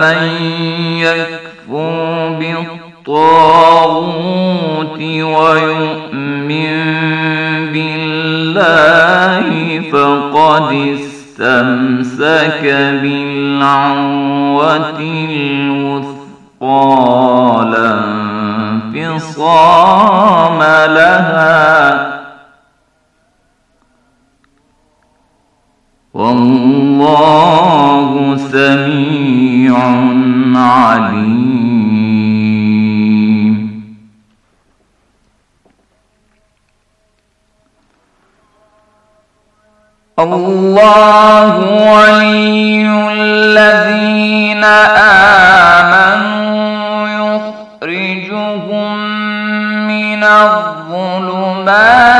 فمن يكفر بالطاغوت ويؤمن بالله فقد استمسك بالعروة الوثقى لا انفصام لها والله سميع عليم الله ولي الذين آمنوا يخرجهم من الظلمات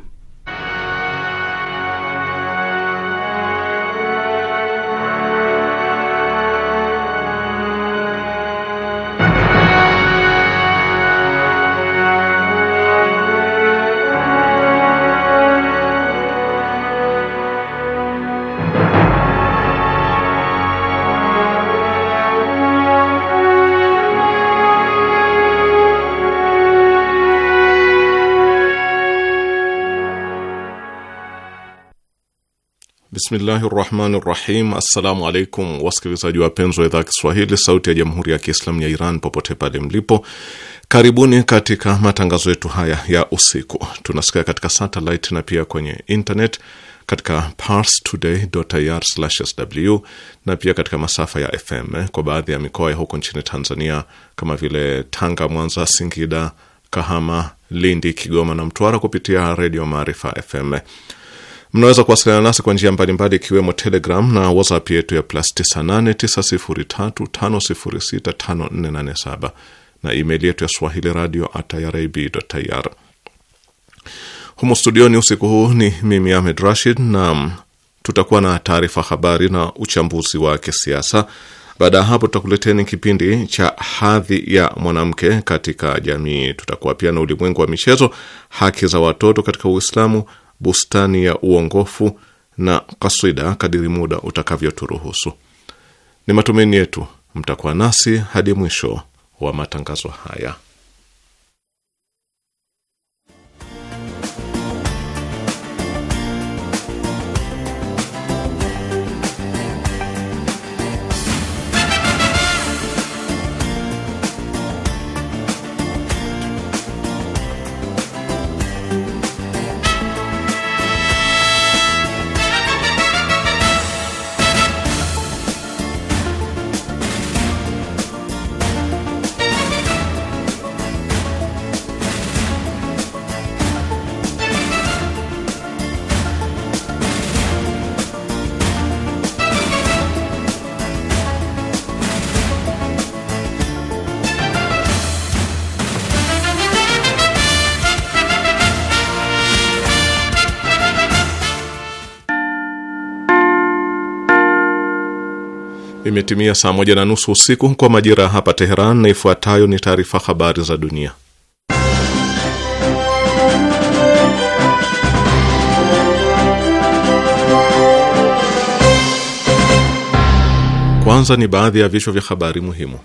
Bismillahi rahmani rahim. Assalamu alaikum wasikilizaji wapenzi wa idhaa Kiswahili sauti ya jamhuri ya Kiislamu ya Iran popote pale mlipo, karibuni katika matangazo yetu haya ya usiku. Tunasikia katika satelit na pia kwenye internet katika parstoday.ir/sw na pia katika masafa ya FM kwa baadhi ya mikoa ya huko nchini Tanzania kama vile Tanga, Mwanza, Singida, Kahama, Lindi, Kigoma na Mtwara kupitia redio Maarifa FM. Mnaweza kuwasiliana nasi kwa njia mbalimbali ikiwemo Telegram na WhatsApp yetu ya plus 989035065487 na email yetu ya swahili radio at irib.ir. Humu studioni usiku huu ni mimi Ahmed Rashid, na tutakuwa na taarifa habari na uchambuzi wa kisiasa. Baada ya hapo, tutakuleteni kipindi cha hadhi ya mwanamke katika jamii. Tutakuwa pia na ulimwengu wa michezo, haki za watoto katika Uislamu bustani ya uongofu na kaswida kadiri muda utakavyoturuhusu. Ni matumaini yetu mtakuwa nasi hadi mwisho wa matangazo haya. imetimia saa moja na nusu usiku kwa majira ya hapa Teheran, na ifuatayo ni taarifa habari za dunia. Kwanza ni baadhi ya vichwa vya habari muhimu.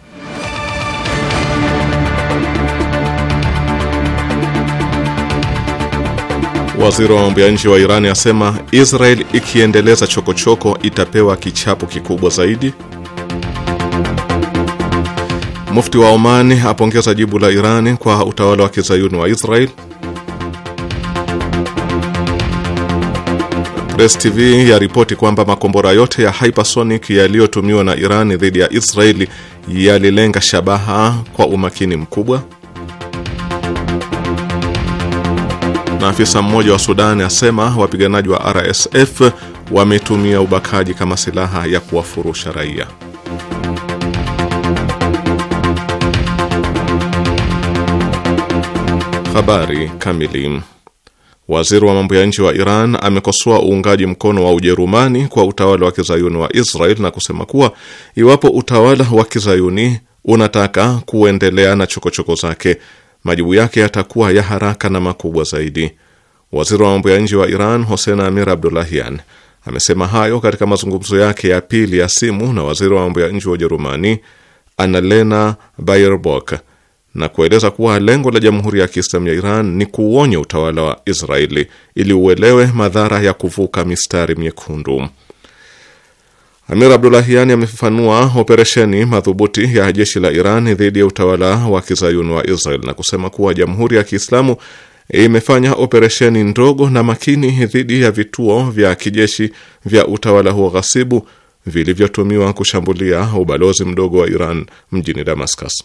Waziri wa mambo ya nje wa iran asema Israel ikiendeleza chokochoko itapewa kichapo kikubwa zaidi. Mufti wa Omani apongeza jibu la Irani kwa utawala wa kizayuni wa Israel. Press TV yaripoti kwamba makombora yote ya hypersonic yaliyotumiwa na Irani dhidi ya Israeli yalilenga shabaha kwa umakini mkubwa. Na afisa mmoja wa Sudani asema wapiganaji wa RSF wametumia ubakaji kama silaha ya kuwafurusha raia. Habari kamili. Waziri wa mambo ya nje wa Iran amekosoa uungaji mkono wa Ujerumani kwa utawala wa kizayuni wa Israel na kusema kuwa iwapo utawala wa kizayuni unataka kuendelea na chokochoko zake, majibu yake yatakuwa ya haraka na makubwa zaidi. Waziri wa mambo ya nje wa Iran Hossein Amir Abdollahian amesema hayo katika mazungumzo yake ya pili ya simu na waziri wa mambo ya nje wa Ujerumani Annalena Baerbock na kueleza kuwa lengo la Jamhuri ya Kiislamu ya Iran ni kuuonya utawala wa Israeli ili uelewe madhara ya kuvuka mistari myekundu. Amir Abdulahiani amefafanua operesheni madhubuti ya jeshi la Iran dhidi ya utawala wa kizayuni wa Israel na kusema kuwa Jamhuri ya Kiislamu imefanya operesheni ndogo na makini dhidi ya vituo vya kijeshi vya utawala huo ghasibu vilivyotumiwa kushambulia ubalozi mdogo wa Iran mjini Damascus.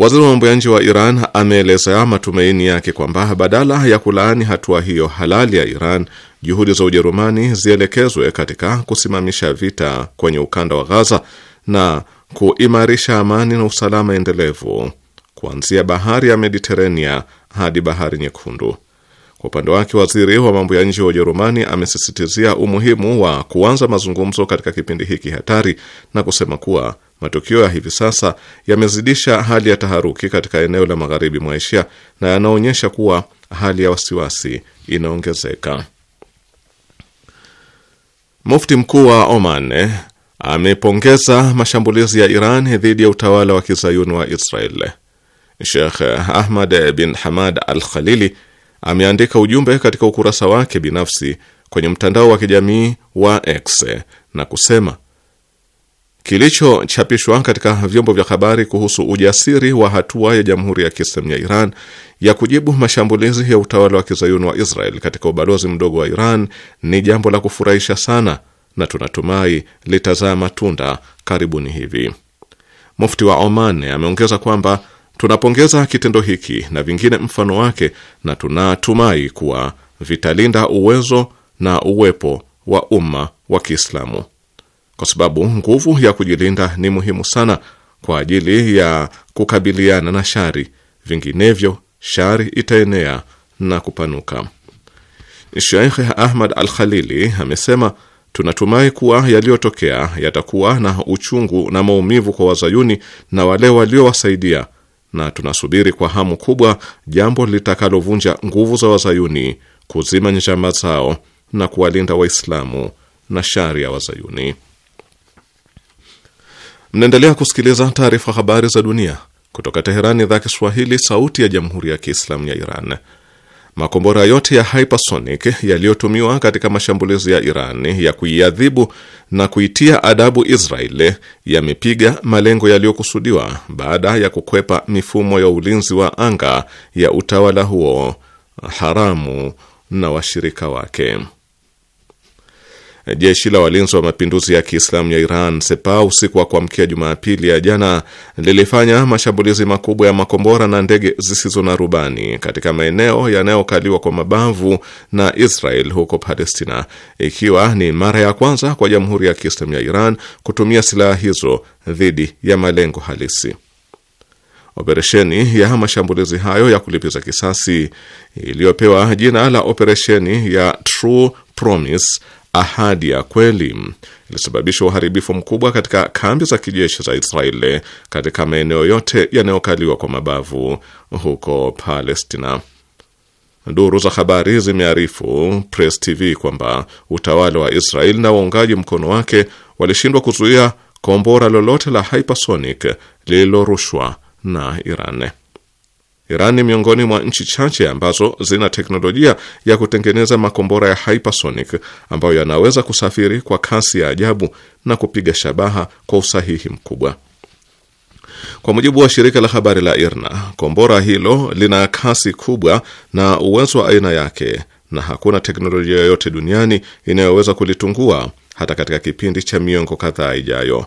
Waziri wa mambo ya nje wa Iran ameelezea matumaini yake kwamba badala ya kulaani hatua hiyo halali ya Iran, juhudi za Ujerumani zielekezwe katika kusimamisha vita kwenye ukanda wa Gaza na kuimarisha amani na usalama endelevu kuanzia bahari ya Mediterania hadi bahari Nyekundu. Kwa upande wake, waziri wa mambo ya nje wa Ujerumani amesisitizia umuhimu wa kuanza mazungumzo katika kipindi hiki hatari na kusema kuwa Matukio ya hivi sasa yamezidisha hali ya taharuki katika eneo la magharibi mwa Asia na yanaonyesha kuwa hali ya wasiwasi inaongezeka. Mufti mkuu wa Oman eh, amepongeza mashambulizi ya Iran dhidi ya utawala wa kizayuni wa Israel. Sheikh Ahmad bin Hamad Al Khalili ameandika ujumbe katika ukurasa wake binafsi kwenye mtandao wa kijamii wa X na kusema kilichochapishwa katika vyombo vya habari kuhusu ujasiri wa hatua ya Jamhuri ya Kiislamu ya Iran ya kujibu mashambulizi ya utawala wa kizayuni wa Israel katika ubalozi mdogo wa Iran ni jambo la kufurahisha sana na tunatumai litazaa matunda karibuni hivi. Mufti wa Oman ameongeza kwamba tunapongeza kitendo hiki na vingine mfano wake, na tunatumai kuwa vitalinda uwezo na uwepo wa umma wa Kiislamu kwa sababu nguvu ya kujilinda ni muhimu sana kwa ajili ya kukabiliana na shari, vinginevyo shari itaenea na kupanuka. Sheikh Ahmad Al Khalili amesema tunatumai kuwa yaliyotokea yatakuwa na uchungu na maumivu kwa wazayuni na wale waliowasaidia, na tunasubiri kwa hamu kubwa jambo litakalovunja nguvu za wazayuni, kuzima njama zao na kuwalinda Waislamu na shari ya wazayuni. Mnaendelea kusikiliza taarifa habari za dunia kutoka Teherani, idhaa Kiswahili, sauti ya jamhuri ya kiislamu ya Iran. Makombora yote ya hypersonic yaliyotumiwa katika mashambulizi ya Iran ya kuiadhibu na kuitia adabu Israeli yamepiga malengo yaliyokusudiwa baada ya kukwepa mifumo ya ulinzi wa anga ya utawala huo haramu na washirika wake. Jeshi la walinzi wa mapinduzi ya Kiislamu ya Iran Sepa usiku wa kuamkia Jumapili ya jana lilifanya mashambulizi makubwa ya makombora na ndege zisizo na rubani katika maeneo yanayokaliwa kwa mabavu na Israel huko Palestina, ikiwa ni mara ya kwanza kwa Jamhuri ya Kiislamu ya Iran kutumia silaha hizo dhidi ya malengo halisi. Operesheni ya mashambulizi hayo ya kulipiza kisasi iliyopewa jina la operesheni ya True Promise ahadi ya kweli ilisababisha uharibifu mkubwa katika kambi za kijeshi za Israeli katika maeneo yote yanayokaliwa kwa mabavu huko Palestina. Duru za habari zimearifu Press TV kwamba utawala wa Israel na waungaji mkono wake walishindwa kuzuia kombora lolote la hypersonic lililorushwa na Iran. Iran ni miongoni mwa nchi chache ambazo zina teknolojia ya kutengeneza makombora ya hypersonic ambayo yanaweza kusafiri kwa kasi ya ajabu na kupiga shabaha kwa usahihi mkubwa. Kwa mujibu wa shirika la habari la IRNA, kombora hilo lina kasi kubwa na uwezo wa aina yake, na hakuna teknolojia yoyote duniani inayoweza kulitungua hata katika kipindi cha miongo kadhaa ijayo.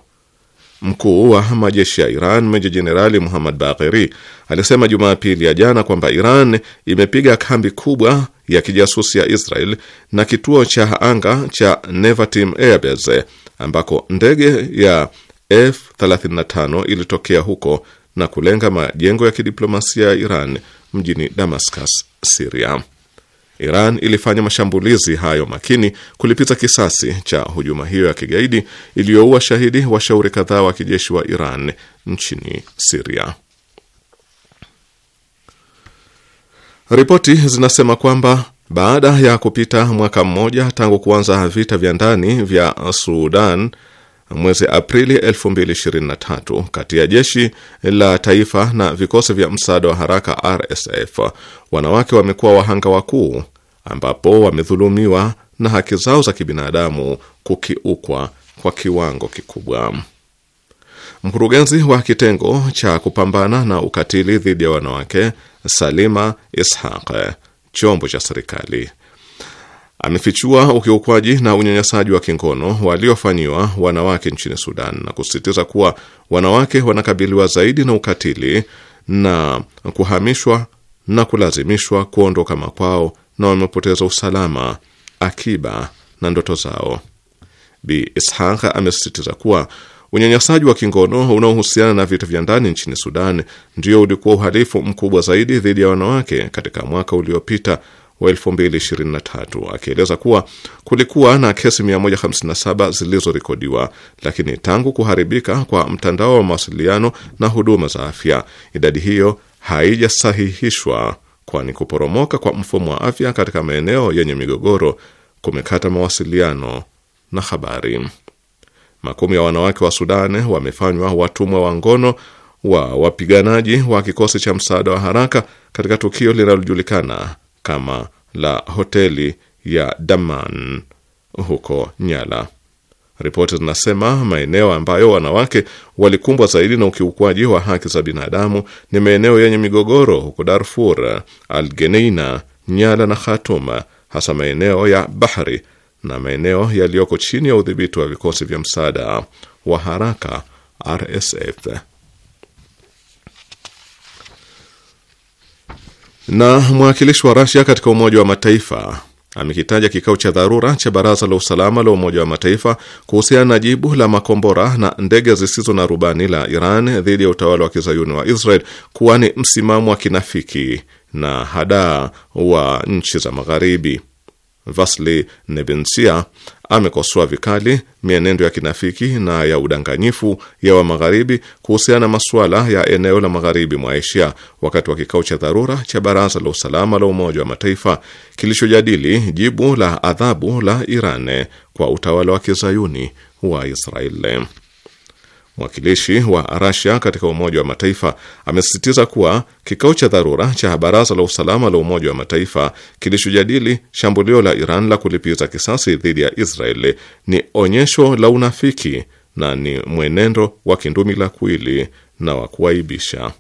Mkuu wa majeshi ya Iran Meja Jenerali Muhammad Bagheri alisema Jumapili ya jana kwamba Iran imepiga kambi kubwa ya kijasusi ya Israel na kituo cha anga cha Nevatim Airbase ambako ndege ya F35 ilitokea huko na kulenga majengo ya kidiplomasia ya Iran mjini Damascus, Syria. Iran ilifanya mashambulizi hayo makini kulipiza kisasi cha hujuma hiyo ya kigaidi iliyoua shahidi washauri kadhaa wa kijeshi wa Iran nchini Siria. Ripoti zinasema kwamba baada ya kupita mwaka mmoja tangu kuanza vita vya ndani vya Sudan mwezi Aprili 2023 kati ya jeshi la taifa na vikosi vya msaada wa haraka RSF, wanawake wamekuwa wahanga wakuu, ambapo wamedhulumiwa na haki zao za kibinadamu kukiukwa kwa kiwango kikubwa. Mkurugenzi wa kitengo cha kupambana na ukatili dhidi ya wanawake Salima Ishaq, chombo cha serikali amefichua ukiukwaji na unyanyasaji wa kingono waliofanyiwa wanawake nchini Sudan na kusisitiza kuwa wanawake wanakabiliwa zaidi na ukatili na kuhamishwa na kulazimishwa kuondoka makwao na wamepoteza usalama, akiba na ndoto zao. Bi Ishaq amesisitiza kuwa unyanyasaji wa kingono unaohusiana na vita vya ndani nchini Sudan ndio ulikuwa uhalifu mkubwa zaidi dhidi ya wanawake katika mwaka uliopita wa 2023 akieleza kuwa kulikuwa na kesi 157 zilizorekodiwa, lakini tangu kuharibika kwa mtandao wa mawasiliano na huduma za afya, idadi hiyo haijasahihishwa, kwani kuporomoka kwa mfumo wa afya katika maeneo yenye migogoro kumekata mawasiliano na habari. Makumi ya wanawake wa sudan wamefanywa watumwa wa ngono wa wapiganaji wa kikosi cha msaada wa haraka katika tukio linalojulikana kama la hoteli ya Daman huko Nyala. Ripoti zinasema maeneo ambayo wanawake walikumbwa zaidi na ukiukwaji wa haki za binadamu ni maeneo yenye migogoro huko Darfur, geneina Nyala na Khatuma, hasa maeneo ya Bahri na maeneo yaliyoko chini ya udhibiti wa vikosi vya msaada wa haraka RSF. Na mwakilishi wa Rasia katika Umoja wa Mataifa amekitaja kikao cha dharura cha Baraza la Usalama la Umoja wa Mataifa kuhusiana na jibu la makombora na ndege zisizo na rubani la Iran dhidi ya utawala wa kizayuni wa Israel kuwa ni msimamo wa kinafiki na hadaa wa nchi za Magharibi vasli Nebensia amekosoa vikali mienendo ya kinafiki na ya udanganyifu ya wa Magharibi kuhusiana na masuala ya eneo la magharibi mwa Asia wakati wa kikao cha dharura cha Baraza la Usalama la Umoja wa Mataifa kilichojadili jibu la adhabu la Iran kwa utawala wa kizayuni wa Israeli. Mwakilishi wa Rasia katika Umoja wa Mataifa amesisitiza kuwa kikao cha dharura cha Baraza la Usalama la Umoja wa Mataifa kilichojadili shambulio la Iran la kulipiza kisasi dhidi ya Israeli ni onyesho la unafiki na ni mwenendo wa kindumi la kuili na wa kuaibisha.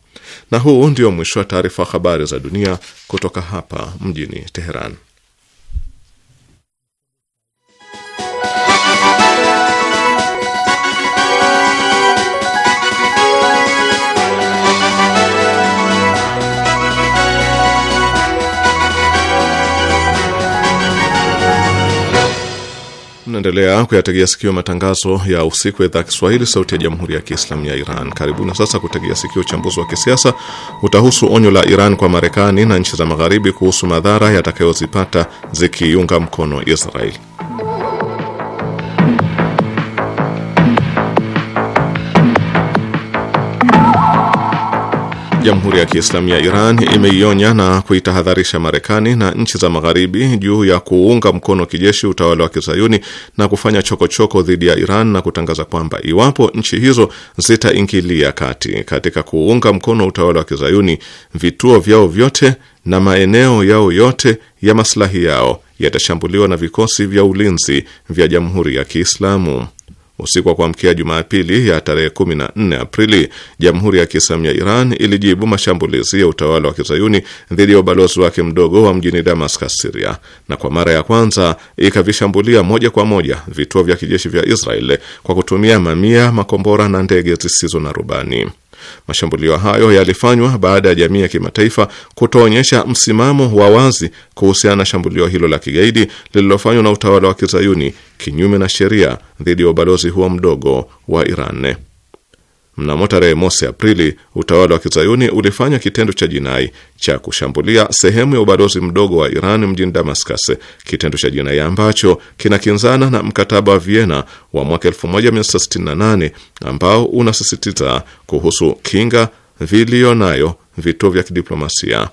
Na huu ndio mwisho wa taarifa habari za dunia kutoka hapa mjini Teheran. Mnaendelea kuyategea sikio matangazo ya usiku ya idhaa Kiswahili sauti ya jamhuri ya Kiislamu ya Iran. Karibuni sasa kutegea sikio uchambuzi wa kisiasa utahusu onyo la Iran kwa Marekani na nchi za Magharibi kuhusu madhara yatakayozipata zikiunga mkono Israeli. Jamhuri ya Kiislamu ya Iran imeionya na kuitahadharisha Marekani na nchi za Magharibi juu ya kuunga mkono kijeshi utawala wa Kizayuni na kufanya chokochoko dhidi ya Iran na kutangaza kwamba iwapo nchi hizo zitaingilia kati katika kuunga mkono utawala wa Kizayuni, vituo vyao vyote na maeneo yao yote ya maslahi yao yatashambuliwa na vikosi vya ulinzi vya Jamhuri ya Kiislamu. Usiku wa kuamkia Jumapili ya tarehe 14 Aprili, Jamhuri ya Kiislamu ya Iran ilijibu mashambulizi ya utawala wa kizayuni dhidi ya ubalozi wake mdogo wa mjini Damascus, Siria, na kwa mara ya kwanza ikavishambulia moja kwa moja vituo vya kijeshi vya Israel kwa kutumia mamia makombora na ndege zisizo na rubani. Mashambulio hayo yalifanywa baada ya jamii ya kimataifa kutoonyesha msimamo wa wazi kuhusiana na shambulio hilo la kigaidi lililofanywa na utawala wa kizayuni kinyume na sheria dhidi ya ubalozi huo mdogo wa Iran. Mnamo tarehe mosi Aprili, utawala wa kizayuni ulifanya kitendo cha jinai cha kushambulia sehemu ya ubalozi mdogo wa Iran mjini Damascus, kitendo cha jinai ambacho kinakinzana na mkataba wa Vienna wa mwaka 1968 ambao unasisitiza kuhusu kinga nayo vituo vya kidiplomasia.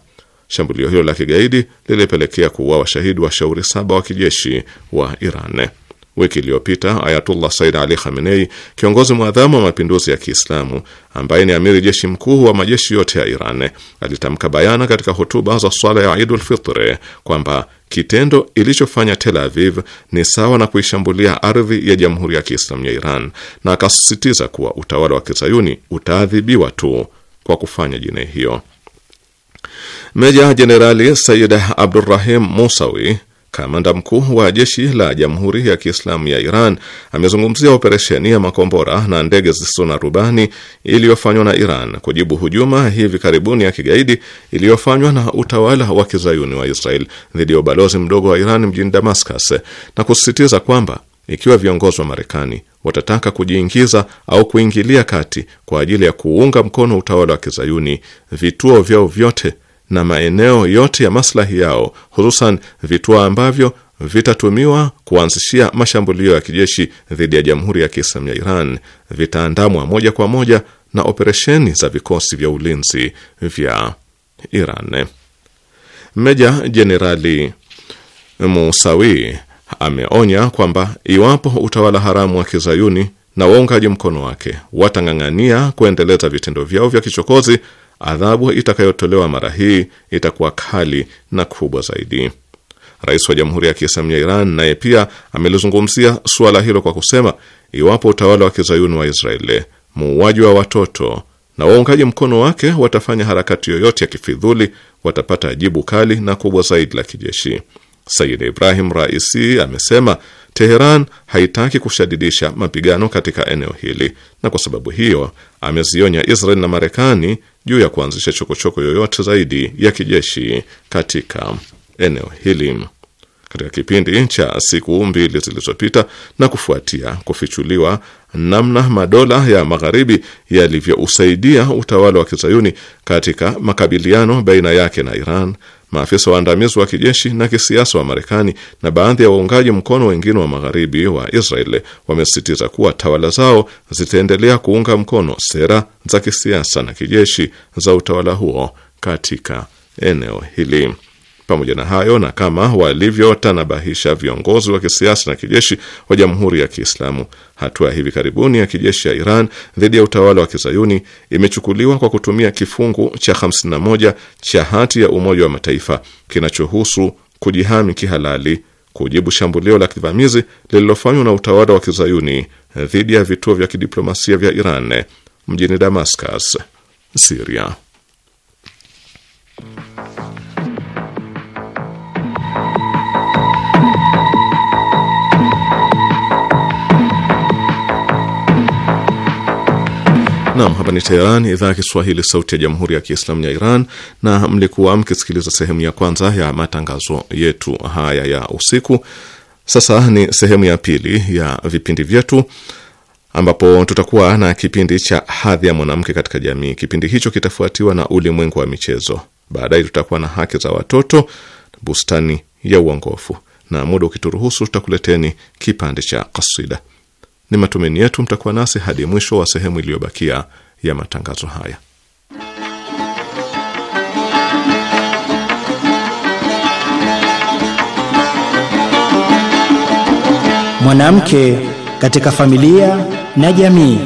Shambulio hilo la kigaidi lilipelekea kuuawa shahidi washauri saba wa kijeshi wa Iran. Wiki iliyopita Ayatullah Said Ali Khamenei, kiongozi mwadhamu wa mapinduzi ya Kiislamu ambaye ni amiri jeshi mkuu wa majeshi yote ya Iran, alitamka bayana katika hotuba za swala ya Idul Fitri kwamba kitendo ilichofanya Tel Aviv ni sawa na kuishambulia ardhi ya Jamhuri ya Kiislamu ya Iran, na akasisitiza kuwa utawala wa kizayuni utaadhibiwa tu kwa kufanya jinai hiyo. Meja Jenerali Sayyid Abdurrahim Musawi Kamanda mkuu wa jeshi la Jamhuri ya Kiislamu ya Iran amezungumzia operesheni ya makombora na ndege zisizo na rubani iliyofanywa na Iran kujibu hujuma hivi karibuni ya kigaidi iliyofanywa na utawala wa kizayuni wa Israel dhidi ya ubalozi mdogo wa Iran mjini Damascus na kusisitiza kwamba ikiwa viongozi wa Marekani watataka kujiingiza au kuingilia kati kwa ajili ya kuunga mkono utawala wa kizayuni, vituo vyao vyote na maeneo yote ya maslahi yao, hususan vituo ambavyo vitatumiwa kuanzishia mashambulio ya kijeshi dhidi ya Jamhuri ya Kiislamu ya Iran vitaandamwa moja kwa moja na operesheni za vikosi vya ulinzi vya Iran. Meja Jenerali Musawi ameonya kwamba iwapo utawala haramu wa kizayuni na waungaji mkono wake watang'ang'ania kuendeleza vitendo vyao vya kichokozi adhabu itakayotolewa mara hii itakuwa kali na kubwa zaidi. Rais wa Jamhuri ya Kiislamu ya Iran naye pia amelizungumzia suala hilo kwa kusema, iwapo utawala wa kizayuni wa Israeli, muuaji wa watoto na waungaji mkono wake watafanya harakati yoyote ya kifidhuli, watapata jibu kali na kubwa zaidi la kijeshi. Sayyid Ibrahim Raisi amesema Teheran haitaki kushadidisha mapigano katika eneo hili, na kwa sababu hiyo amezionya Israel na Marekani juu ya kuanzisha chokochoko yoyote zaidi ya kijeshi katika eneo hili katika kipindi cha siku mbili zilizopita na kufuatia kufichuliwa namna madola ya magharibi yalivyousaidia utawala wa kizayuni katika makabiliano baina yake na Iran, maafisa waandamizi wa kijeshi na kisiasa wa Marekani na baadhi ya waungaji mkono wengine wa magharibi wa Israel wamesisitiza kuwa tawala zao zitaendelea kuunga mkono sera za kisiasa na kijeshi za utawala huo katika eneo hili. Pamoja na hayo, na kama walivyotanabahisha viongozi wa kisiasa na kijeshi wa Jamhuri ya Kiislamu, hatua ya hivi karibuni ya kijeshi ya Iran dhidi ya utawala wa kizayuni imechukuliwa kwa kutumia kifungu cha 51 cha hati ya Umoja wa Mataifa kinachohusu kujihami kihalali kujibu shambulio la kivamizi lililofanywa na utawala wa kizayuni dhidi ya vituo vya kidiplomasia vya Iran mjini Damascus, Syria. Nam, hapa ni Teheran, idhaa ya Kiswahili, sauti ya jamhuri ya kiislamu ya Iran, na mlikuwa mkisikiliza sehemu ya kwanza ya matangazo yetu haya ya usiku. Sasa ni sehemu ya pili ya vipindi vyetu ambapo tutakuwa na kipindi cha hadhi ya mwanamke katika jamii. Kipindi hicho kitafuatiwa na ulimwengu wa michezo. Baadaye tutakuwa na haki za watoto, bustani ya uongofu, na muda ukituruhusu, tutakuleteni kipande cha kasida. Ni matumaini yetu mtakuwa nasi hadi mwisho wa sehemu iliyobakia ya matangazo haya. Mwanamke katika familia na jamii.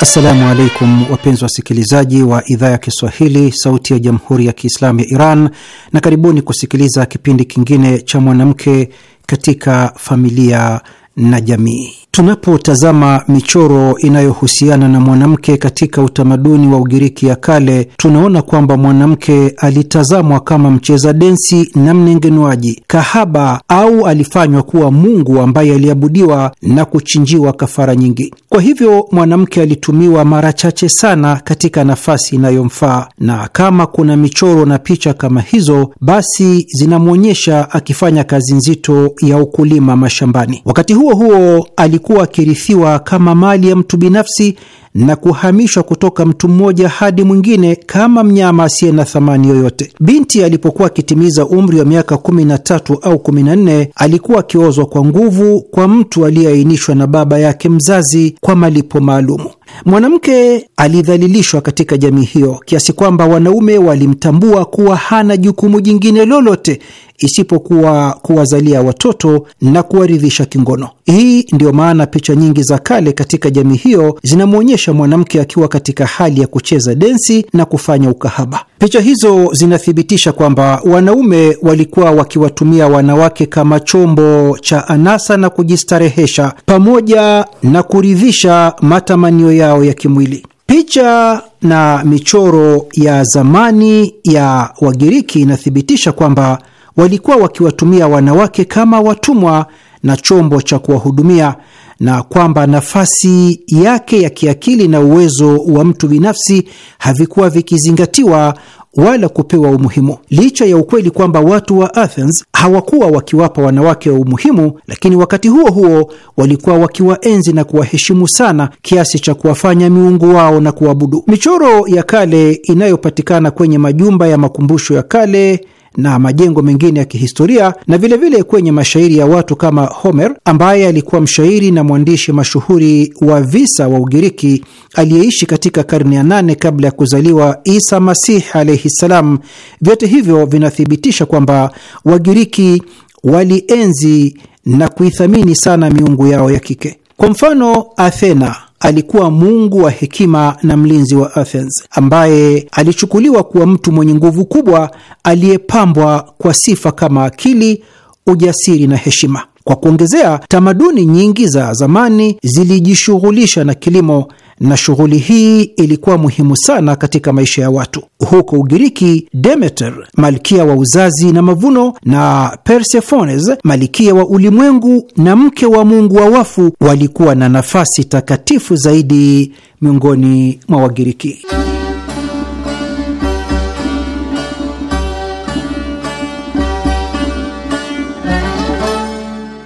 Assalamu alaikum wapenzi wasikilizaji wa idhaa ya Kiswahili sauti ya jamhuri ya Kiislamu ya Iran, na karibuni kusikiliza kipindi kingine cha mwanamke katika familia na jamii. Tunapotazama michoro inayohusiana na mwanamke katika utamaduni wa Ugiriki ya kale, tunaona kwamba mwanamke alitazamwa kama mcheza densi na mnengenwaji kahaba, au alifanywa kuwa mungu ambaye aliabudiwa na kuchinjiwa kafara nyingi. Kwa hivyo mwanamke alitumiwa mara chache sana katika nafasi inayomfaa, na kama kuna michoro na picha kama hizo, basi zinamwonyesha akifanya kazi nzito ya ukulima mashambani. Wakati huo huo huo alikuwa akirithiwa kama mali ya mtu binafsi na kuhamishwa kutoka mtu mmoja hadi mwingine kama mnyama asiye na thamani yoyote. Binti alipokuwa akitimiza umri wa miaka kumi na tatu au kumi na nne alikuwa akiozwa kwa nguvu kwa mtu aliyeainishwa na baba yake mzazi kwa malipo maalumu. Mwanamke alidhalilishwa katika jamii hiyo kiasi kwamba wanaume walimtambua kuwa hana jukumu jingine lolote isipokuwa kuwazalia watoto na kuwaridhisha kingono. Hii ndiyo maana picha nyingi za kale katika jamii hiyo zinamwonyesha mwanamke akiwa katika hali ya kucheza densi na kufanya ukahaba. Picha hizo zinathibitisha kwamba wanaume walikuwa wakiwatumia wanawake kama chombo cha anasa na kujistarehesha pamoja na kuridhisha matamanio yao ya kimwili. Picha na michoro ya zamani ya Wagiriki inathibitisha kwamba walikuwa wakiwatumia wanawake kama watumwa na chombo cha kuwahudumia na kwamba nafasi yake ya kiakili na uwezo wa mtu binafsi havikuwa vikizingatiwa wala kupewa umuhimu. Licha ya ukweli kwamba watu wa Athens hawakuwa wakiwapa wanawake wa umuhimu, lakini wakati huo huo walikuwa wakiwaenzi na kuwaheshimu sana kiasi cha kuwafanya miungu wao na kuabudu. Michoro ya kale inayopatikana kwenye majumba ya makumbusho ya kale na majengo mengine ya kihistoria na vilevile vile kwenye mashairi ya watu kama Homer ambaye alikuwa mshairi na mwandishi mashuhuri wa visa wa Ugiriki aliyeishi katika karne ya nane kabla ya kuzaliwa Isa Masih alaihi ssalam. Vyote hivyo vinathibitisha kwamba Wagiriki walienzi na kuithamini sana miungu yao ya kike. Kwa mfano, Athena alikuwa mungu wa hekima na mlinzi wa Athens, ambaye alichukuliwa kuwa mtu mwenye nguvu kubwa aliyepambwa kwa sifa kama akili, ujasiri na heshima. Kwa kuongezea, tamaduni nyingi za zamani zilijishughulisha na kilimo na shughuli hii ilikuwa muhimu sana katika maisha ya watu. Huko Ugiriki, Demeter, malkia wa uzazi na mavuno, na Persefones, malkia wa ulimwengu na mke wa mungu wa wafu, walikuwa na nafasi takatifu zaidi miongoni mwa Wagiriki.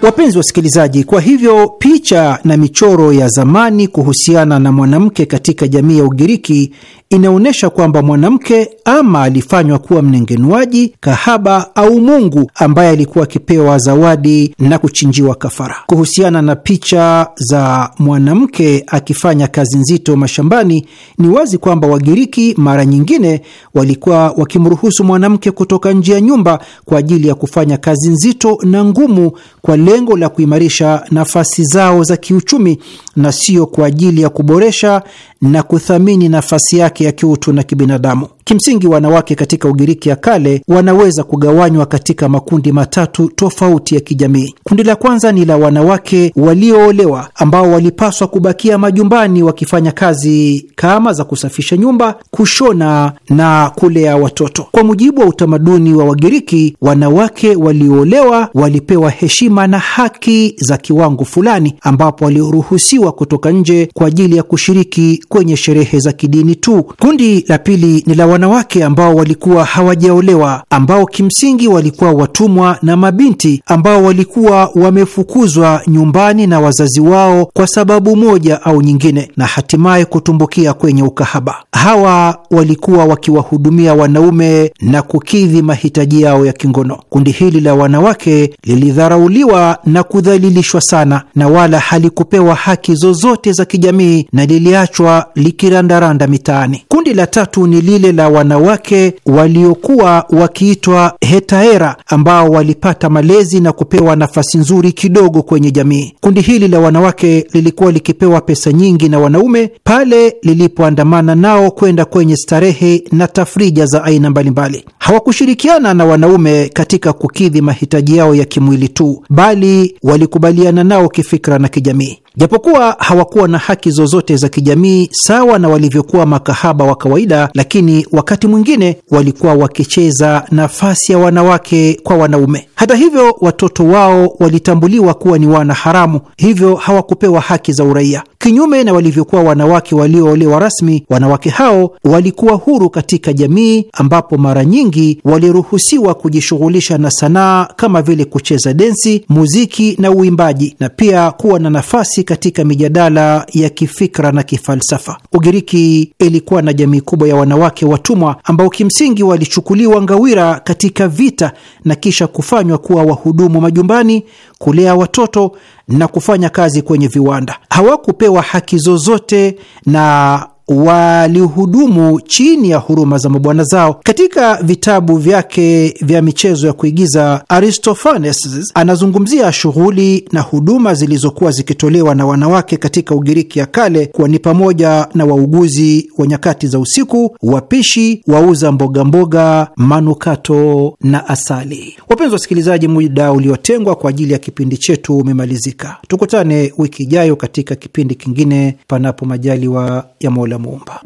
Wapenzi wasikilizaji, kwa hivyo picha na michoro ya zamani kuhusiana na mwanamke katika jamii ya Ugiriki inaonyesha kwamba mwanamke ama alifanywa kuwa mnengenuaji, kahaba au mungu ambaye alikuwa akipewa zawadi na kuchinjiwa kafara. Kuhusiana na picha za mwanamke akifanya kazi nzito mashambani, ni wazi kwamba Wagiriki mara nyingine walikuwa wakimruhusu mwanamke kutoka nje ya nyumba kwa ajili ya kufanya kazi nzito na ngumu kwa lengo la kuimarisha nafasi zao za kiuchumi na sio kwa ajili ya kuboresha na kuthamini nafasi yake ya kiutu na kibinadamu. Kimsingi, wanawake katika Ugiriki ya kale wanaweza kugawanywa katika makundi matatu tofauti ya kijamii. Kundi la kwanza ni la wanawake walioolewa ambao walipaswa kubakia majumbani wakifanya kazi kama za kusafisha nyumba, kushona na kulea watoto. Kwa mujibu wa utamaduni wa Wagiriki, wanawake walioolewa walipewa heshima na haki za kiwango fulani, ambapo walioruhusiwa kutoka nje kwa ajili ya kushiriki kwenye sherehe za kidini tu. Kundi la pili ni la wanawake ambao walikuwa hawajaolewa, ambao kimsingi walikuwa watumwa na mabinti ambao walikuwa wamefukuzwa nyumbani na wazazi wao kwa sababu moja au nyingine, na hatimaye kutumbukia kwenye ukahaba. Hawa walikuwa wakiwahudumia wanaume na kukidhi mahitaji yao ya kingono. Kundi hili la wanawake lilidharauliwa na kudhalilishwa sana, na wala halikupewa haki zozote za kijamii na liliachwa likirandaranda mitaani. Kundi la tatu ni lile la na wanawake waliokuwa wakiitwa hetaera ambao walipata malezi na kupewa nafasi nzuri kidogo kwenye jamii. Kundi hili la wanawake lilikuwa likipewa pesa nyingi na wanaume pale lilipoandamana nao kwenda kwenye starehe na tafrija za aina mbalimbali. Hawakushirikiana na wanaume katika kukidhi mahitaji yao ya kimwili tu, bali walikubaliana nao kifikra na kijamii. Japokuwa hawakuwa na haki zozote za kijamii sawa na walivyokuwa makahaba wa kawaida, lakini wakati mwingine walikuwa wakicheza nafasi ya wanawake kwa wanaume. Hata hivyo, watoto wao walitambuliwa kuwa ni wana haramu, hivyo hawakupewa haki za uraia. Kinyume na walivyokuwa wanawake walioolewa rasmi, wanawake hao walikuwa huru katika jamii, ambapo mara nyingi waliruhusiwa kujishughulisha na sanaa kama vile kucheza densi, muziki na uimbaji, na pia kuwa na nafasi katika mijadala ya kifikra na kifalsafa. Ugiriki ilikuwa na jamii kubwa ya wanawake watumwa ambao kimsingi walichukuliwa ngawira katika vita na kisha kufanywa kuwa wahudumu majumbani kulea watoto na kufanya kazi kwenye viwanda. Hawakupewa haki zozote na walihudumu chini ya huruma za mabwana zao. Katika vitabu vyake vya michezo ya kuigiza, Aristophanes anazungumzia shughuli na huduma zilizokuwa zikitolewa na wanawake katika Ugiriki ya kale, kuwa ni pamoja na wauguzi wa nyakati za usiku, wapishi, wauza mbogamboga, manukato na asali. Wapenzi wasikilizaji, muda uliotengwa kwa ajili ya kipindi chetu umemalizika. Tukutane wiki ijayo katika kipindi kingine, panapo majaliwa ya Mola. Muumba.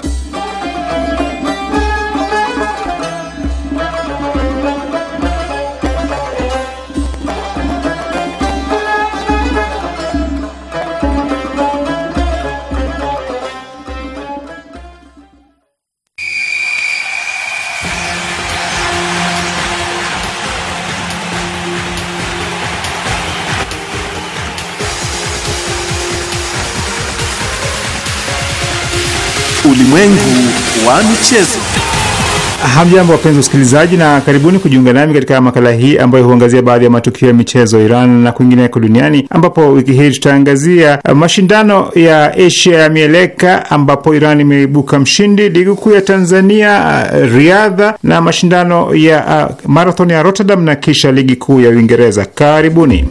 Ulimwengu wa michezo. Hamjambo wapenzi usikilizaji, na karibuni kujiunga nami katika makala hii ambayo huangazia baadhi ya matukio ya michezo Iran na kwingineko duniani, ambapo wiki hii tutaangazia mashindano ya Asia ya mieleka ambapo Iran imeibuka mshindi, ligi kuu ya Tanzania uh, riadha, na mashindano ya uh, marathon ya Rotterdam na kisha ligi kuu ya Uingereza. Karibuni.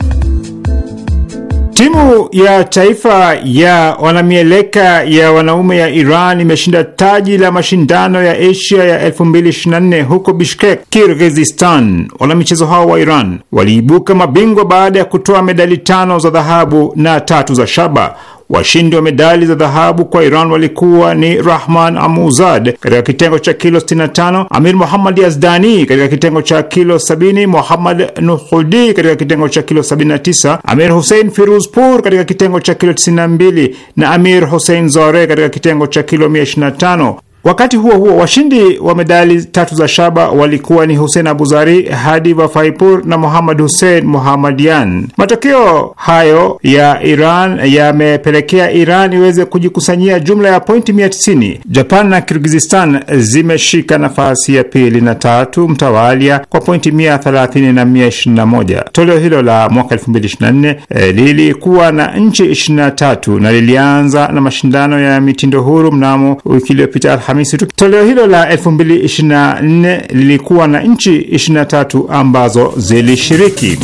Timu ya taifa ya wanamieleka ya wanaume ya Iran imeshinda taji la mashindano ya Asia ya 2024 huko Bishkek, Kirgizistan. Wanamichezo hao wa Iran waliibuka mabingwa baada ya kutoa medali tano za dhahabu na tatu za shaba. Washindi wa medali za dhahabu kwa Iran walikuwa ni Rahman Amuzad katika kitengo cha kilo 65, Amir Muhammad Yazdani katika kitengo cha kilo 70, Muhammad Nuhudi katika kitengo cha kilo 79, Amir Hussein Firuzpur katika kitengo cha kilo 92 na Amir Hussein Zore katika kitengo cha kilo 125. Wakati huo huo, washindi wa medali tatu za shaba walikuwa ni Hussein Abuzari, Hadi Vafaipur na Muhammad Hussein Muhammadian. Matokeo hayo ya Iran yamepelekea Iran iweze kujikusanyia jumla ya pointi 190. Japan na Kirgizistan zimeshika nafasi ya pili na tatu mtawalia kwa pointi 130 na 121. Toleo hilo la mwaka 2024 eh, lilikuwa na nchi 23 na lilianza na mashindano ya mitindo huru mnamo wiki iliyopita misitu. Toleo hilo la 2024 lilikuwa na nchi 23 ambazo zilishiriki.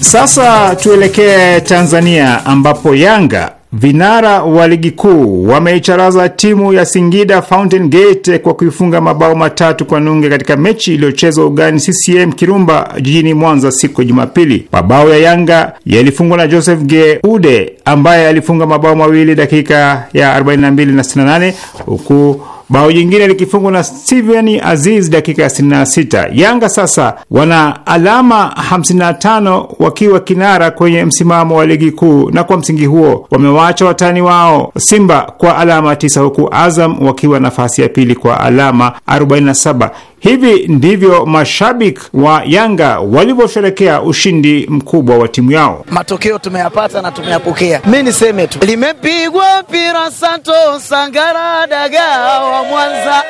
Sasa tuelekee Tanzania ambapo Yanga Vinara wa ligi kuu wameicharaza timu ya Singida Fountain Gate kwa kuifunga mabao matatu kwa nunge katika mechi iliyochezwa ugani CCM Kirumba jijini Mwanza siku ya Jumapili. Mabao ya Yanga yalifungwa na Joseph Geude ambaye alifunga mabao mawili dakika ya 42 na 68 huku bao jingine likifungwa na Steven Aziz dakika ya 66. Yanga sasa wana alama 55 wakiwa kinara kwenye msimamo wa ligi kuu, na kwa msingi huo wamewacha watani wao Simba kwa alama 9 huku Azam wakiwa nafasi ya pili kwa alama 47. Hivi ndivyo mashabiki wa Yanga walivyosherekea ushindi mkubwa wa timu yao. Matokeo tumeyapata na tumeyapokea. Mi niseme tu limepigwa mpira Santo Sangara daga wa Mwanza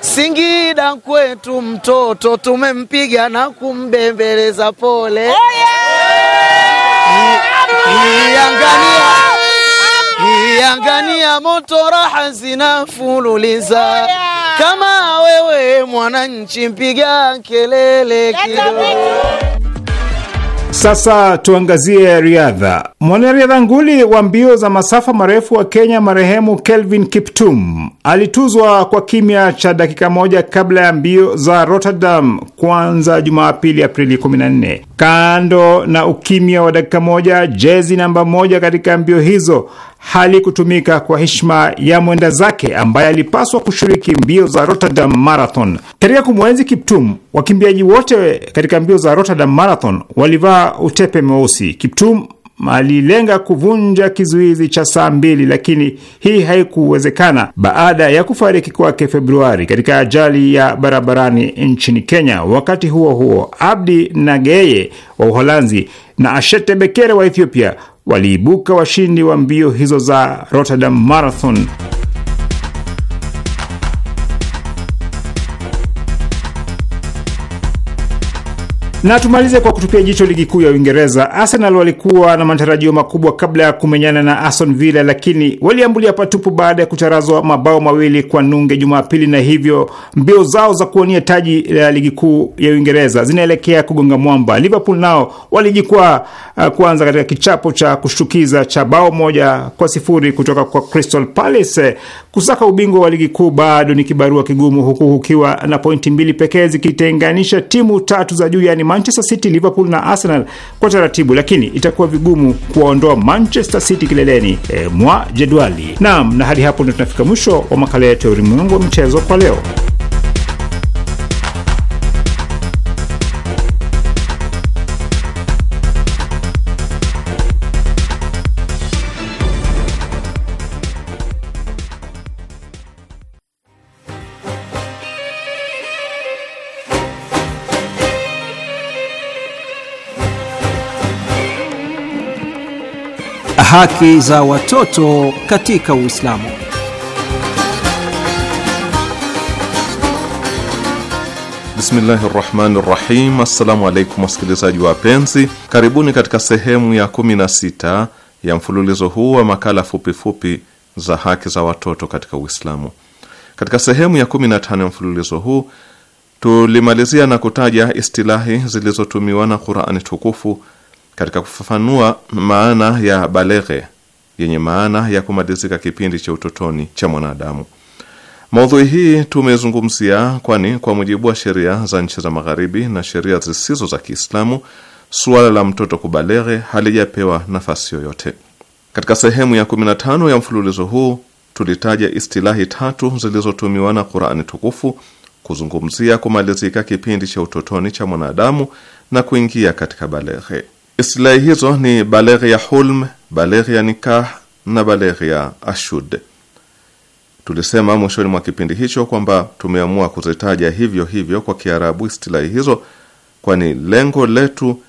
Singida kwetu, mtoto tumempiga na kumbembeleza pole. Yangania Iangania moto raha zinafululiza kama wewe mwananchi, mpiga kelele kidogo. Sasa tuangazie riadha. Mwanariadha nguli wa mbio za masafa marefu wa Kenya marehemu Kelvin Kiptum alituzwa kwa kimya cha dakika moja kabla ya mbio za Rotterdam kuanza Jumapili, Aprili 14. Kando na ukimya wa dakika moja, jezi namba moja katika mbio hizo hali kutumika kwa heshima ya mwenda zake ambaye alipaswa kushiriki mbio za Rotterdam Marathon. Katika kumwenzi Kiptum, wakimbiaji wote katika mbio za Rotterdam Marathon walivaa utepe mweusi. Kiptum alilenga kuvunja kizuizi cha saa mbili, lakini hii haikuwezekana baada ya kufariki kwake Februari katika ajali ya barabarani nchini Kenya. Wakati huo huo, Abdi Nageye wa Uholanzi na Ashete bekere wa Ethiopia waliibuka washindi wa mbio hizo za Rotterdam Marathon. Na tumalize kwa kutupia jicho ligi kuu ya Uingereza. Arsenal walikuwa na matarajio makubwa kabla ya kumenyana na Aston Villa, lakini waliambulia patupu baada ya kucharazwa mabao mawili kwa nunge Jumapili, na hivyo mbio zao za kuonia taji la ligi kuu ya Uingereza zinaelekea kugonga mwamba. Liverpool nao walijikwaa uh, kwanza katika kichapo cha kushtukiza cha bao moja kwa sifuri kutoka kwa Crystal Palace. Kusaka ubingwa wa ligi kuu bado ni kibarua kigumu, huku ukiwa na pointi mbili pekee zikitenganisha timu tatu za juu, yani Manchester City, Liverpool na Arsenal kwa taratibu, lakini itakuwa vigumu kuwaondoa Manchester City kileleni e, mwa jedwali. Naam, na hadi hapo ndio tunafika mwisho wa makala yetu ya ulimwengu wa michezo kwa leo. Haki za watoto katika Uislamu. Bismillahi rahmani rahim. Assalamu alaikum wasikilizaji wapenzi, karibuni katika sehemu ya 16 ya mfululizo huu wa makala fupifupi fupi za haki za watoto katika Uislamu. Katika sehemu ya 15 ya mfululizo huu tulimalizia na kutaja istilahi zilizotumiwa na Qurani tukufu katika kufafanua maana ya baleghe yenye maana ya kumalizika kipindi cha utotoni cha mwanadamu, maudhui hii tumezungumzia, kwani kwa mujibu wa sheria za nchi za Magharibi na sheria zisizo za Kiislamu, suala la mtoto kubaleghe halijapewa nafasi yoyote. Katika sehemu ya 15 ya mfululizo huu tulitaja istilahi tatu zilizotumiwa na Qur'ani tukufu kuzungumzia kumalizika kipindi cha utotoni cha mwanadamu na kuingia katika baleghe. Istilahi hizo ni baleghi ya hulm, baleghi ya nikah na baleghi ya ashud. Tulisema mwishoni mwa kipindi hicho kwamba tumeamua kuzitaja hivyo hivyo kwa Kiarabu istilahi hizo, kwani lengo letu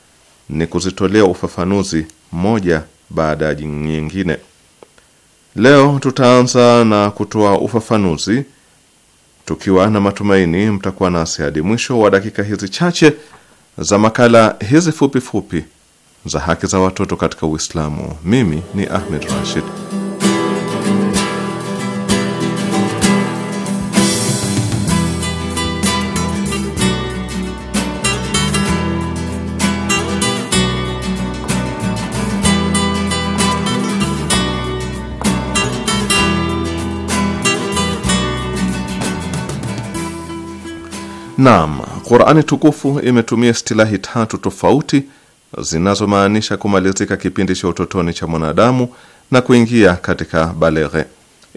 ni kuzitolea ufafanuzi moja baada ya nyingine. Leo tutaanza na kutoa ufafanuzi, tukiwa na matumaini mtakuwa nasi hadi mwisho wa dakika hizi chache za makala hizi fupi fupi za haki za watoto katika Uislamu. Mimi ni Ahmed Rashid. Naam, Qur'ani tukufu imetumia istilahi tatu tofauti zinazomaanisha kumalizika kipindi cha utotoni cha mwanadamu na kuingia katika baleghe.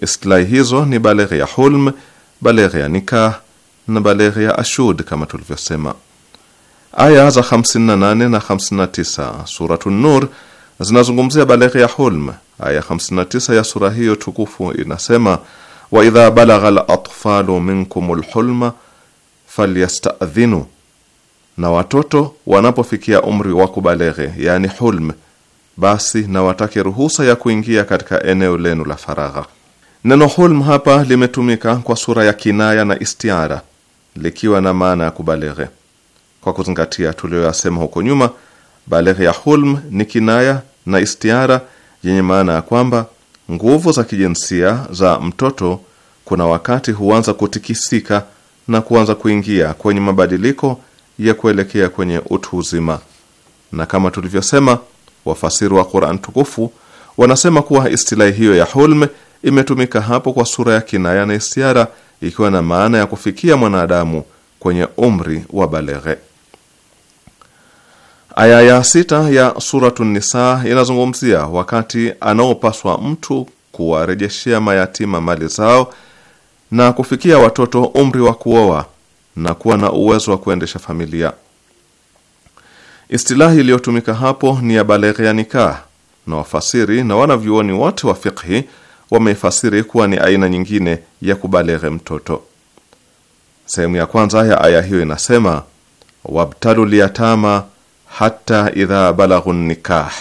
Istilahi hizo ni baleghe ya hulm, baleghe ya nikah na baleghe ya ashud kama tulivyosema. Aya za 58 na 59 suratu Nur zinazungumzia baleghe ya hulm. Aya 59 ya sura hiyo tukufu inasema: waidha balagha al minkum lhulma falyastadhinu na watoto wanapofikia umri wa kubalere, yani hulm, basi na watake ruhusa ya kuingia katika eneo lenu la faragha. Neno hulm hapa limetumika kwa sura ya kinaya na istiara, likiwa na maana ya kubalere. Kwa kuzingatia tuliyoyasema huko nyuma, baleghe ya hulm ni kinaya na istiara yenye maana ya kwamba nguvu za kijinsia za mtoto kuna wakati huanza kutikisika na kuanza kuingia kwenye mabadiliko ya kuelekea kwenye utu uzima. Na kama tulivyosema, wafasiri wa Qur'an tukufu wanasema kuwa istilahi hiyo ya hulm imetumika hapo kwa sura ya kinaya na istiara, ikiwa na maana ya kufikia mwanadamu kwenye umri wa baleghe. Aya ya sita ya Suratu Nisa inazungumzia wakati anaopaswa mtu kuwarejeshea mayatima mali zao na kufikia watoto umri wa kuoa na kuwa na uwezo wa kuendesha familia. Istilahi iliyotumika hapo ni ya baleghe ya nikah, na wafasiri na wanavyuoni wote wa fiqhi wameifasiri kuwa ni aina nyingine ya kubaleghe mtoto. Sehemu ya kwanza ya aya hiyo inasema wabtalu liyatama hata idha balaghun nikah,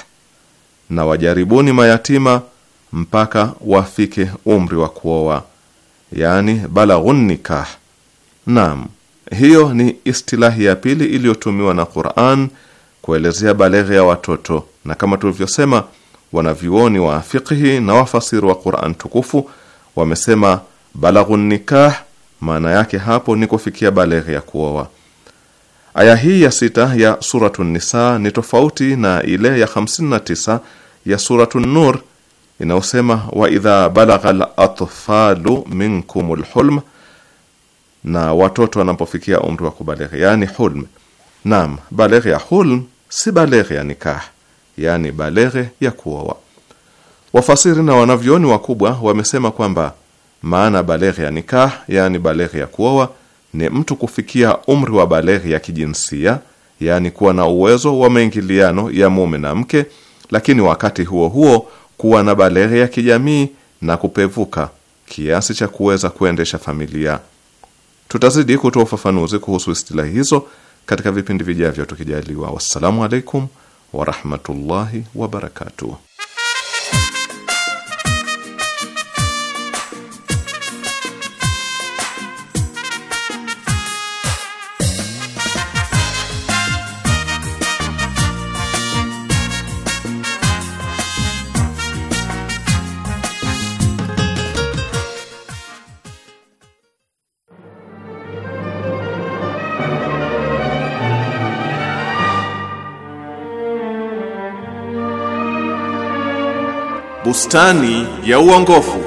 na wajaribuni mayatima mpaka wafike umri wa kuoa, yani balaghun nikah. Naam, hiyo ni istilahi ya pili iliyotumiwa na Quran kuelezea baleghe ya watoto, na kama tulivyosema, wanavyuoni wa fiqhi na wafasiri wa Quran tukufu wamesema balaghun nikah maana yake hapo ni kufikia baleghe ya kuoa. Aya hii ya sita ya Suratu Nisa ni tofauti na ile ya 59 ya Suratu Nur inayosema waidha balagha al minkum lhulm na watoto wanapofikia umri wa kubaleghe, yani hulm. Naam, baleghe ya hulm si baleghe ya nikah, yani baleghe ya kuoa. Wafasiri na wanavyoni wakubwa wamesema kwamba maana baleghe ya nikah, yani baleghe ya kuoa, ni mtu kufikia umri wa baleghe ya kijinsia, yani kuwa na uwezo wa maingiliano ya mume na mke, lakini wakati huo huo kuwa na baleghe ya kijamii na kupevuka kiasi cha kuweza kuendesha familia Tutazidi kutoa ufafanuzi kuhusu istilahi hizo katika vipindi vijavyo tukijaliwa. Wassalamu alaikum warahmatullahi wabarakatuh. bustani ya uongofu.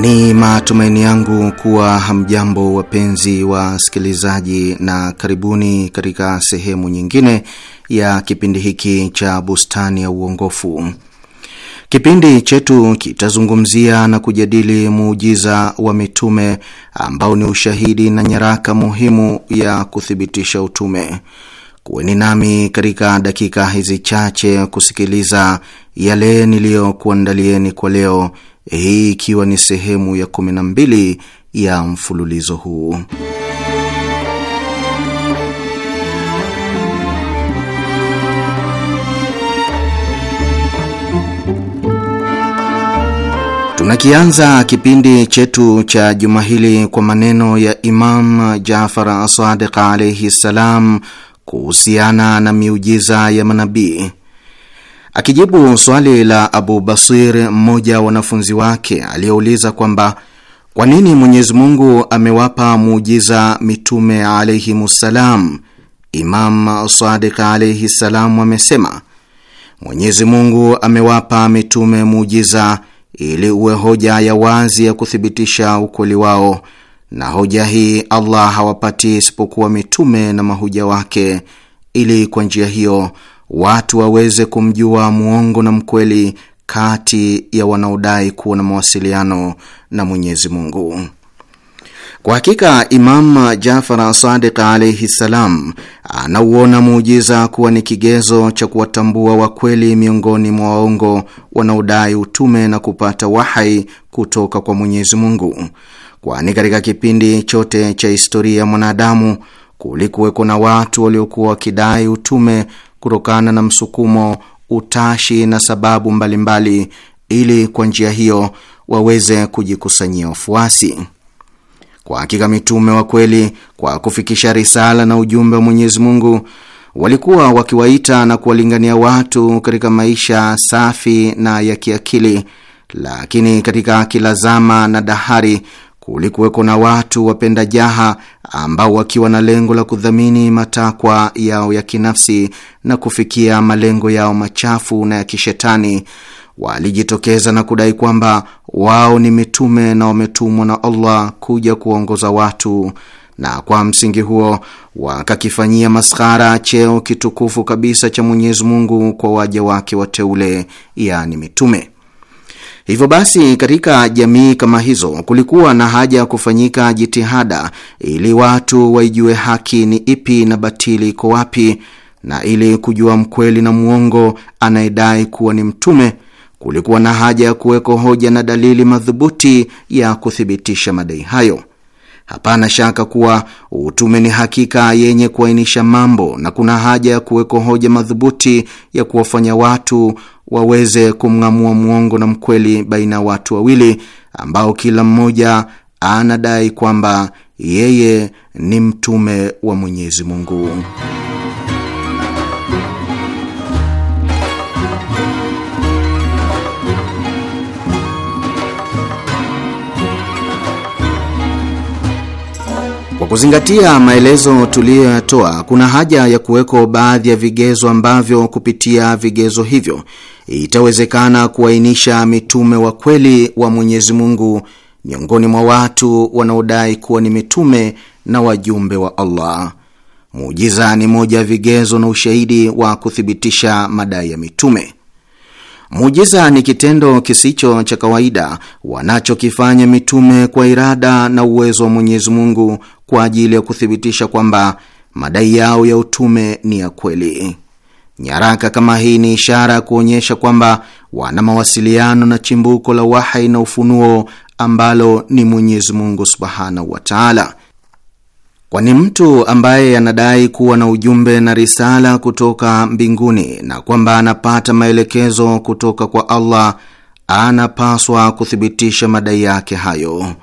Ni matumaini yangu kuwa hamjambo wapenzi wa sikilizaji, na karibuni katika sehemu nyingine ya kipindi hiki cha bustani ya uongofu. Kipindi chetu kitazungumzia na kujadili muujiza wa mitume ambao ni ushahidi na nyaraka muhimu ya kuthibitisha utume. Kuweni nami katika dakika hizi chache kusikiliza yale niliyokuandalieni kwa leo, hii ikiwa ni sehemu ya mbili ya mfululizo huu. Tunakianza kipindi chetu cha juma hili kwa maneno ya Imam Jafar Sadiq alaihi ssalam kuhusiana na miujiza ya manabii. Akijibu swali la Abu Basir, mmoja wa wanafunzi wake, aliyouliza kwamba kwa nini Mwenyezi Mungu amewapa muujiza mitume alaihimussalam, Imam Sadiq alaihi ssalam amesema Mwenyezi Mungu amewapa mitume muujiza ili uwe hoja ya wazi ya kuthibitisha ukweli wao, na hoja hii Allah hawapati isipokuwa mitume na mahuja wake, ili kwa njia hiyo watu waweze kumjua mwongo na mkweli kati ya wanaodai kuwa na mawasiliano na Mwenyezi Mungu. Kwa hakika Imam Jafar Sadiq alaihi ssalam anauona muujiza kuwa ni kigezo cha kuwatambua wakweli miongoni mwa waongo wanaodai utume na kupata wahai kutoka kwa Mwenyezi Mungu, kwani katika kipindi chote cha historia ya mwanadamu kulikuweko na watu waliokuwa wakidai utume kutokana na msukumo, utashi na sababu mbalimbali mbali, ili kwa njia hiyo waweze kujikusanyia wafuasi. Kwa hakika mitume wa kweli kwa kufikisha risala na ujumbe wa Mwenyezi Mungu walikuwa wakiwaita na kuwalingania watu katika maisha safi na ya kiakili, lakini katika kila zama na dahari kulikuweko na watu wapenda jaha ambao wakiwa na lengo la kudhamini matakwa yao ya kinafsi na kufikia malengo yao machafu na ya kishetani walijitokeza na kudai kwamba wao ni mitume na wametumwa na Allah kuja kuwaongoza watu, na kwa msingi huo wakakifanyia maskhara cheo kitukufu kabisa cha Mwenyezi Mungu kwa waja wake wateule, yani mitume. Hivyo basi, katika jamii kama hizo kulikuwa na haja ya kufanyika jitihada ili watu waijue haki ni ipi na batili iko wapi, na ili kujua mkweli na mwongo anayedai kuwa ni mtume kulikuwa na haja ya kuweko hoja na dalili madhubuti ya kuthibitisha madai hayo. Hapana shaka kuwa utume ni hakika yenye kuainisha mambo na kuna haja ya kuweko hoja madhubuti ya kuwafanya watu waweze kumng'amua mwongo na mkweli baina ya watu wawili ambao kila mmoja anadai kwamba yeye ni mtume wa Mwenyezi Mungu. Kwa kuzingatia maelezo tuliyoyatoa, kuna haja ya kuweko baadhi ya vigezo ambavyo kupitia vigezo hivyo itawezekana kuainisha mitume wa kweli wa Mwenyezi Mungu miongoni mwa watu wanaodai kuwa ni mitume na wajumbe wa Allah. Muujiza ni moja ya vigezo na ushahidi wa kuthibitisha madai ya mitume. Muujiza ni kitendo kisicho cha kawaida wanachokifanya mitume kwa irada na uwezo wa Mwenyezi Mungu kwa ajili ya kuthibitisha kwamba madai yao ya utume ni ya kweli. Nyaraka kama hii ni ishara ya kuonyesha kwamba wana mawasiliano na chimbuko la wahai na ufunuo ambalo ni Mwenyezi Mungu subhanahu wa taala, kwani mtu ambaye anadai kuwa na ujumbe na risala kutoka mbinguni na kwamba anapata maelekezo kutoka kwa Allah anapaswa kuthibitisha madai yake hayo.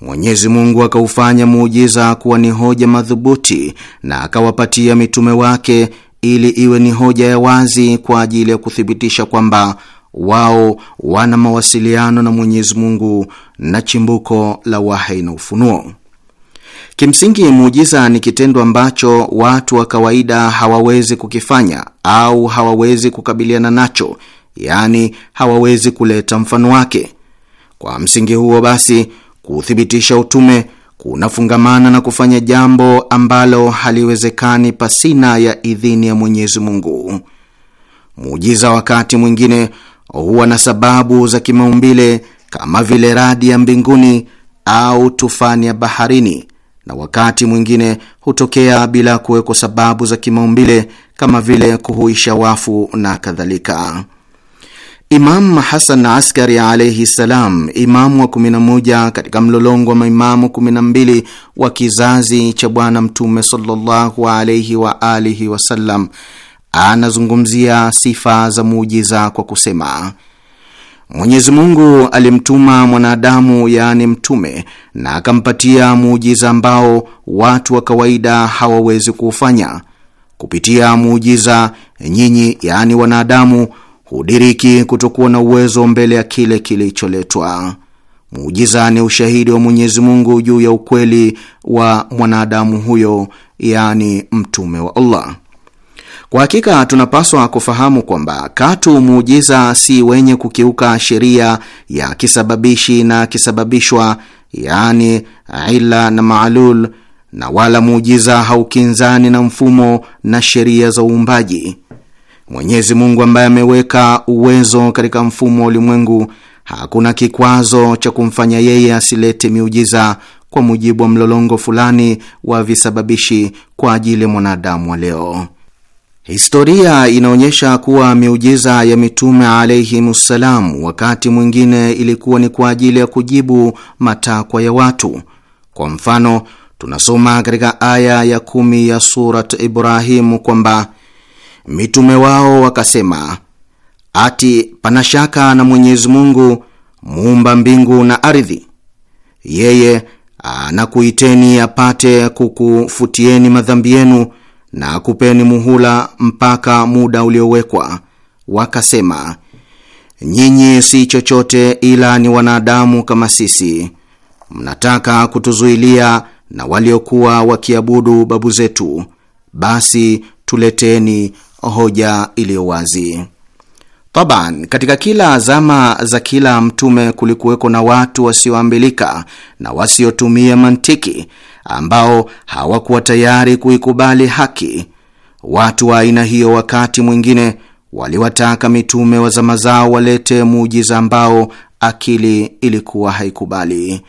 Mwenyezi Mungu akaufanya muujiza kuwa ni hoja madhubuti na akawapatia mitume wake ili iwe ni hoja ya wazi kwa ajili ya kuthibitisha kwamba wao wana mawasiliano na Mwenyezi Mungu na chimbuko la wahi na ufunuo. Kimsingi, muujiza ni kitendo ambacho watu wa kawaida hawawezi kukifanya au hawawezi kukabiliana nacho, yaani hawawezi kuleta mfano wake. Kwa msingi huo basi Kuthibitisha utume kunafungamana na kufanya jambo ambalo haliwezekani pasina ya idhini ya Mwenyezi Mungu. Muujiza wakati mwingine huwa na sababu za kimaumbile kama vile radi ya mbinguni au tufani ya baharini, na wakati mwingine hutokea bila kuwekwa sababu za kimaumbile kama vile kuhuisha wafu na kadhalika. Imam Hasan Askari alaihi salam, imamu wa 11 katika mlolongo wa maimamu 12 wa kizazi cha Bwana Mtume sallallahu alaihi wa alihi wasallam, anazungumzia sifa za muujiza kwa kusema Mwenyezi Mungu alimtuma mwanadamu, yaani mtume, na akampatia muujiza ambao watu wa kawaida hawawezi kuufanya. Kupitia muujiza nyinyi, yaani wanadamu hudiriki kutokuwa na uwezo mbele ya kile kilicholetwa. Muujiza ni ushahidi wa Mwenyezi Mungu juu ya ukweli wa mwanadamu huyo, yani mtume wa Allah. Kwa hakika tunapaswa kufahamu kwamba katu muujiza si wenye kukiuka sheria ya kisababishi na kisababishwa, yani ila na maalul, na wala muujiza haukinzani na mfumo na sheria za uumbaji. Mwenyezi Mungu ambaye ameweka uwezo katika mfumo wa ulimwengu, hakuna kikwazo cha kumfanya yeye asilete miujiza kwa mujibu wa mlolongo fulani wa visababishi kwa ajili ya mwanadamu wa leo. Historia inaonyesha kuwa miujiza ya mitume alaihimussalam wakati mwingine ilikuwa ni kwa ajili ya kujibu matakwa ya watu. Kwa mfano, tunasoma katika aya ya kumi ya Surat Ibrahimu kwamba mitume wao wakasema, ati pana shaka na Mwenyezi Mungu muumba mbingu na ardhi? Yeye anakuiteni apate kukufutieni madhambi yenu na kupeni muhula mpaka muda uliowekwa. Wakasema, nyinyi si chochote ila ni wanadamu kama sisi, mnataka kutuzuilia na waliokuwa wakiabudu babu zetu, basi tuleteni hoja iliyo wazi. Taban, katika kila zama za kila mtume kulikuweko na watu wasioambilika na wasiotumia mantiki ambao hawakuwa tayari kuikubali haki. Watu wa aina hiyo wakati mwingine waliwataka mitume wa zama zao walete muujiza ambao akili ilikuwa haikubali.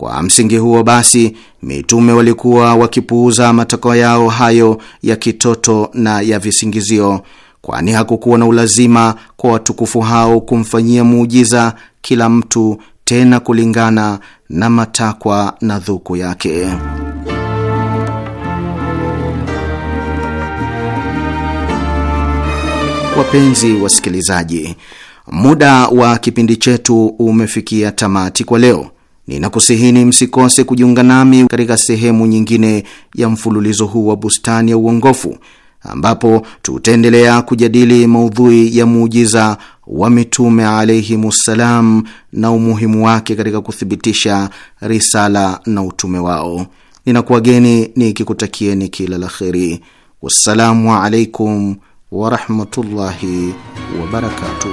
Kwa msingi huo basi, mitume walikuwa wakipuuza matakwa yao hayo ya kitoto na ya visingizio, kwani hakukuwa na ulazima kwa watukufu hao kumfanyia muujiza kila mtu, tena kulingana na matakwa na dhuku yake. Wapenzi wasikilizaji, muda wa kipindi chetu umefikia tamati kwa leo. Ninakusihini msikose kujiunga nami katika sehemu nyingine ya mfululizo huu wa Bustani ya Uongofu, ambapo tutaendelea kujadili maudhui ya muujiza wa mitume ssalam na umuhimu wake katika kuthibitisha risala na utume wao. Ninakuwageni nikikutakieni kila la kheri. Wassalamu alaikum warahmatullahi wabarakatuh.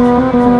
Música